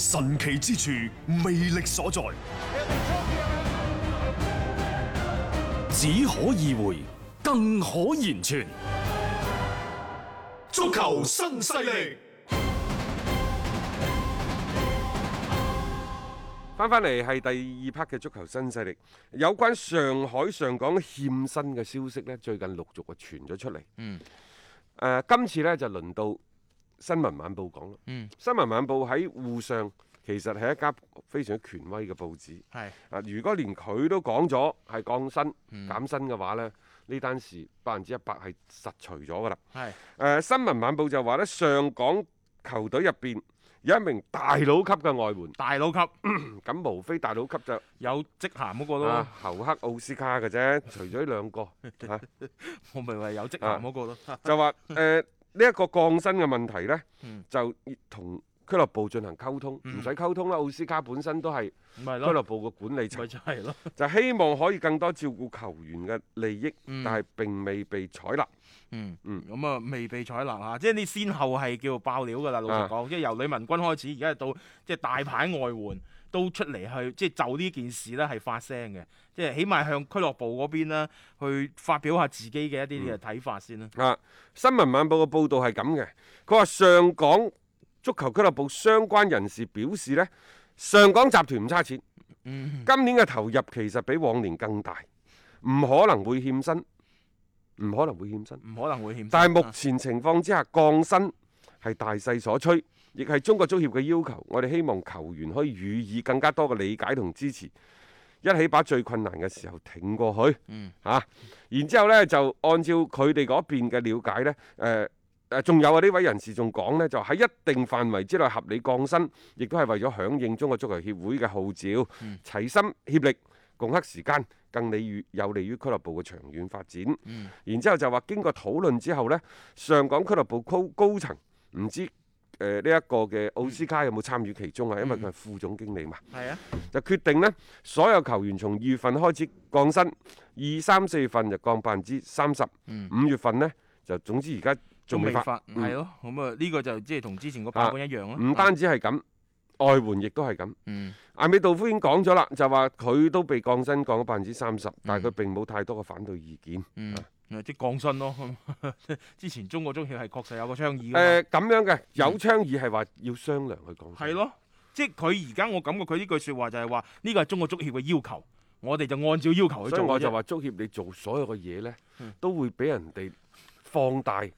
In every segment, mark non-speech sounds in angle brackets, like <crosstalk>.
神奇之處，魅力所在，只可意會，更可言傳。足球新勢力，翻翻嚟係第二 part 嘅足球新勢力。有關上海上港欠薪嘅消息呢，最近陸續啊傳咗出嚟。嗯、呃，今次呢，就輪到。新聞晚報講咯，新聞晚報喺滬上其實係一家非常有權威嘅報紙。係啊，如果連佢都講咗係降薪 1 減薪嘅話咧，呢單事百分之一百係實除咗㗎啦。係誒，新聞晚報就話咧，上港球隊入邊有一名大佬級嘅外援。大佬老級咁，無非大佬級就有職銜嗰個咯、啊。侯克奧斯卡嘅啫，除咗兩個嚇，啊、1 1 我咪話有職銜嗰個咯。就話誒。呢一個降薪嘅問題呢，嗯、就同俱樂部進行溝通，唔使溝通啦。奧斯卡本身都係俱樂部嘅管理層，就，就希望可以更多照顧球員嘅利益，嗯、但係並未被採納。嗯嗯，咁啊未被採納啊，即係你先後係叫爆料㗎啦。老實講，嗯、即係由李文君開始，而家到即係大牌外援。都出嚟去，即係就呢件事呢，係發聲嘅，即係起碼向俱樂部嗰邊啦，去發表下自己嘅一啲啲嘅睇法先啦。啊，新聞晚報嘅報道係咁嘅，佢話上港足球俱樂部相關人士表示呢，上港集團唔差錢，嗯、今年嘅投入其實比往年更大，唔可能會欠薪，唔可能會欠薪，唔可能會欠薪。但係目前情況之下，降薪係大勢所趨。亦係中國足協嘅要求，我哋希望球員可以予以更加多嘅理解同支持，一起把最困難嘅時候挺過去。嗯，嚇，然之後呢，就按照佢哋嗰邊嘅了解呢，誒、呃、誒，仲有啊呢位人士仲講呢，就喺一定範圍之內合理降薪，亦都係為咗響應中國足球協會嘅號召，齊、嗯、心協力，共克時間，更利於有利於俱樂部嘅長遠發展。嗯、然之後就話經過討論之後呢，上港俱樂部高高層唔知。誒呢一個嘅奧斯卡有冇參與其中啊？因為佢係副總經理嘛。係啊、嗯，就決定咧，所有球員從二月份開始降薪，二三四月份就降百分之三十，五、嗯、月份呢，就總之而家仲未發。仲未發，係咯。咁、嗯嗯、啊，呢個就即係同之前個版本一樣咯。唔單止係咁，外援亦都係咁。阿美、嗯啊、道夫已經講咗啦，就話佢都被降薪降咗百分之三十，但係佢並冇太多嘅反對意見。嗯嗯即降薪咯，之前中國足協係確實有個倡議嘅、呃。誒，咁樣嘅，有倡議係話要商量去降薪。係咯，即係佢而家我感覺佢呢句說話就係話呢個係中國足協嘅要求，我哋就按照要求去做。所以我就話足協，協你做所有嘅嘢呢、嗯、都會俾人哋放大曲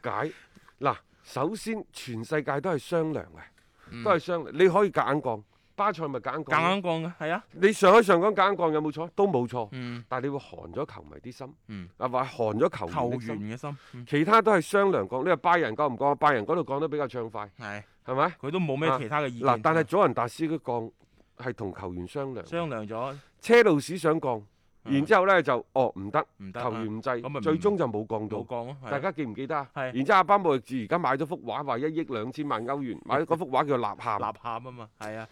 解。嗱， <laughs> 首先全世界都係商量嘅，嗯、都係商量。你可以夾硬降。巴塞咪揀降，揀降嘅，係啊。你上海上港揀降有冇錯？都冇錯。嗯、但係你會寒咗球迷啲心。啊話、嗯、寒咗球員、嘅心。嗯、其他都係商量降。你、這、話、個、拜仁降唔降啊？拜仁嗰度降得比較暢快。係是。係咪吧？佢都冇咩其他嘅意見、啊。嗱，但係祖雲達斯都降，係同球員商量。商量咗。車路士想降。然之後咧就哦，唔得，球員唔濟，最終就冇降到。冇降咯、啊，啊、大家記唔記得啊？啊然之後阿班布爾自而家買咗幅畫，話一億兩千萬歐元，啊、買咗幅畫叫《吶喊》。吶喊啊嘛，係啊，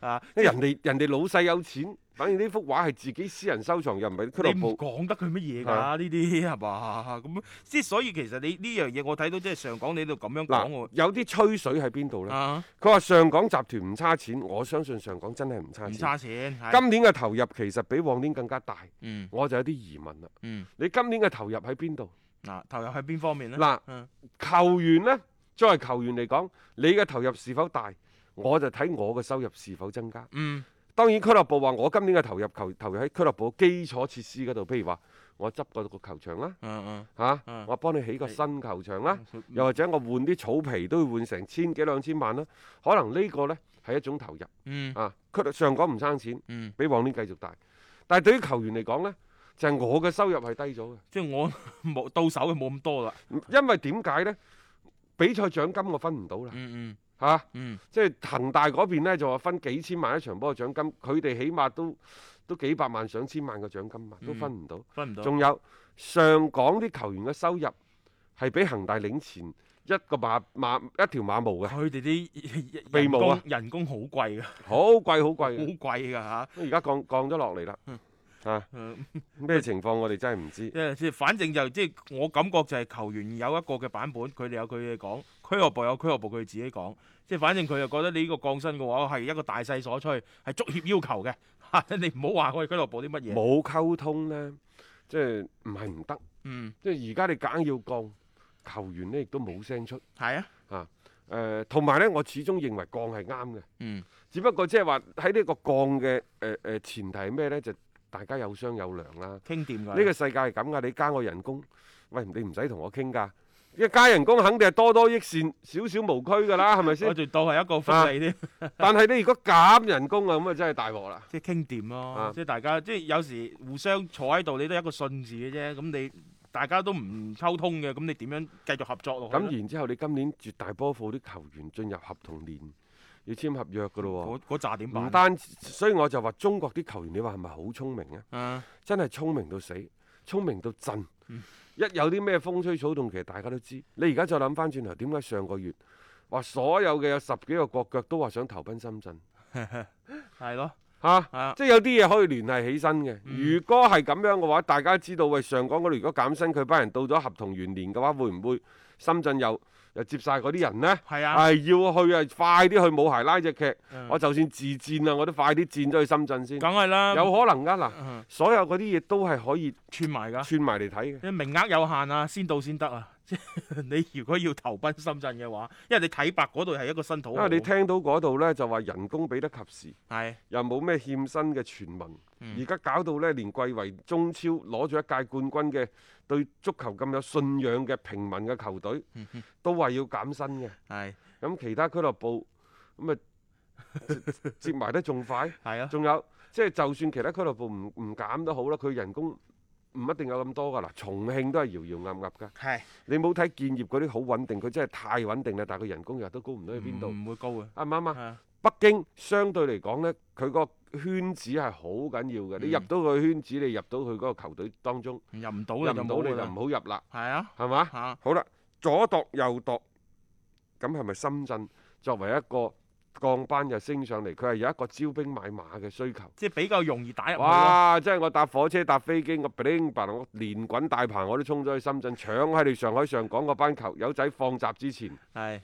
啊！ <laughs> 人哋人哋老細有錢。反而呢幅畫係自己私人收藏，又唔係俱樂部。你唔講得佢乜嘢噶？呢啲係嘛？咁即所以，其實你呢樣嘢我睇到即係上港你度咁樣講。嗱、啊，有啲吹水喺邊度呢？佢話、啊、上港集團唔差錢，我相信上港真係唔差錢。唔差錢。今年嘅投入其實比往年更加大。嗯、我就有啲疑問啦。嗯、你今年嘅投入喺邊度？嗱、啊，投入喺邊方面呢？嗱、啊，球員呢，啊、作為球員嚟講，你嘅投入是否大？我就睇我嘅收入是否增加。嗯。當然，俱樂部話我今年嘅投入球投入喺俱樂部基礎設施嗰度，譬如話我執個個球場啦，嚇、啊啊啊，我幫你起個新球場啦，是又或者我換啲草皮都要換成千幾兩千萬啦。可能呢個呢係一種投入，嗯、啊，上港唔生錢，嗯、比往年繼續大。但係對於球員嚟講呢，就係、是、我嘅收入係低咗嘅，即係我冇到手嘅冇咁多啦。因為點解呢？比賽獎金我分唔到啦。嗯嗯嚇！嗯，即係恒大嗰邊咧，就話分幾千萬一場波嘅獎金，佢哋起碼都都幾百萬上千萬嘅獎金啊，都分唔到。分唔到。仲有上港啲球員嘅收入係比恒大領前一個馬馬一條馬毛嘅。佢哋啲被毛啊！人工好貴㗎。好貴好貴。好貴㗎嚇！而家降降咗落嚟啦。啊，咩情況我哋真係唔知。即係 <laughs> 反正就即係我感覺就係球員有一個嘅版本，佢哋有佢嘅講，俱樂部有俱樂部佢自己講。即係反正佢就覺得你呢個降薪嘅話係一個大勢所趨，係足協要求嘅、啊。你唔好話我哋俱樂部啲乜嘢。冇溝通咧，即係唔係唔得。嗯。即係而家你梗要降，球員咧亦都冇聲出。係啊。啊，誒、呃，同埋咧，我始終認為降係啱嘅。嗯。只不過即係話喺呢個降嘅誒誒前提係咩咧？就大家有商有量啦、啊，傾掂啦。呢個世界係咁噶，你加我人工，喂，你唔使同我傾噶。一加人工，肯定係多多益善，少少無拘噶啦，係咪先？ <laughs> 我仲當係一個福利添、啊。 <laughs> 但係你如果減人工啊，咁啊真係大鑊啦。即係傾掂咯，啊、即係大家，即係有時互相坐喺度，你都係一個信字嘅啫。咁你大家都唔溝通嘅，咁你點樣繼續合作落去？咁然之後，你今年絕大波幅啲球員進入合同年。要簽合約嘅咯喎，嗰嗰扎點辦？唔單止，所以我就話中國啲球員，你話係咪好聰明啊？啊真係聰明到死，聰明到震。嗯、一有啲咩風吹草動，其實大家都知。你而家再諗翻轉頭，點解上個月話所有嘅有十幾個國腳都話想投奔深圳？係咯 <laughs> 的，嚇、啊，即係有啲嘢可以聯繫起身嘅。嗯、如果係咁樣嘅話，大家知道喂，上港嗰度如果減薪，佢班人到咗合同元年嘅話，會唔會深圳有？又接晒嗰啲人呢，係啊，係、哎、要去啊，快啲去冇鞋拉隻劇。嗯、我就算自戰啊，我都快啲戰咗去深圳先。梗係啦，有可能噶嗱，所有嗰啲嘢都係可以串埋噶，串埋嚟睇嘅。名額有限啊，先到先得啊。即係 <laughs> 你如果要投奔深圳嘅話，因為你睇白嗰度係一個新土豪。啊，因為你聽到嗰度呢，就話人工俾得及時，係的又冇咩欠薪嘅傳聞。而家、嗯、搞到呢，連貴為中超攞咗一屆冠軍嘅對足球咁有信仰嘅平民嘅球隊，嗯、哼都話要減薪嘅。係咁的其他俱樂部咁啊，接， <laughs> 接埋得仲快。係啊的，仲有即係、就是、就算其他俱樂部唔唔減都好啦，佢人工。唔一定有咁多噶嗱，重慶都係搖搖噏噏噶。係。你冇睇建業嗰啲好穩定，佢真係太穩定啦。但係佢人工又都高唔到去邊度？唔、嗯、唔會高嘅。係係啊，啱唔啱啊！北京相對嚟講呢，佢個圈子係好緊要嘅。啊、你入到佢個圈子，你入到佢嗰個球隊當中。入唔到入唔到你就唔好入啦。係啊。係嘛？啊、好啦，左度右度。咁係咪深圳作為一個？降班又升上嚟，佢係有一個招兵買馬嘅需求，即係比較容易打入。哇！即係我搭火車搭飛機，我炳白我連滾帶爬，我都衝咗去深圳搶喺你上海上，上港個班球。有仔放閘之前，係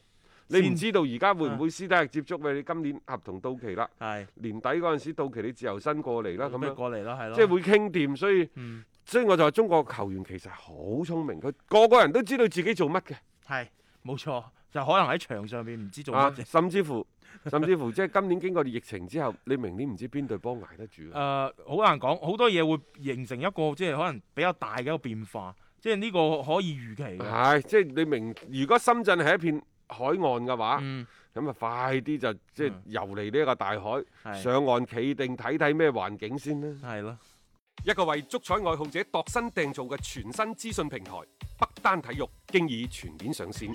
是你唔知道而家會唔會私底下接觸嘅？啊、你今年合同到期啦，是年底嗰陣時到期，你自由身過嚟啦，咁是樣過嚟即係會傾掂，所以，嗯、所以我就話中國球員其實好聰明，佢個個人都知道自己做乜嘅，係冇錯，就可能喺場上面唔知做乜嘢，啊，甚至乎。 <laughs> 甚至乎即係今年經過疫情之後，你明年唔知邊隊波挨得住？誒、呃，好難講，好多嘢會形成一個即係可能比較大嘅一個變化，即係呢個可以預期。係、哎，即係你明，如果深圳係一片海岸嘅話，咁啊、嗯、快啲就即係游嚟呢一個大海，嗯、上岸企定睇睇咩環境先啦。係咯的，一個為足彩愛好者度身訂造嘅全新資訊平台北單體育，經已全面上線。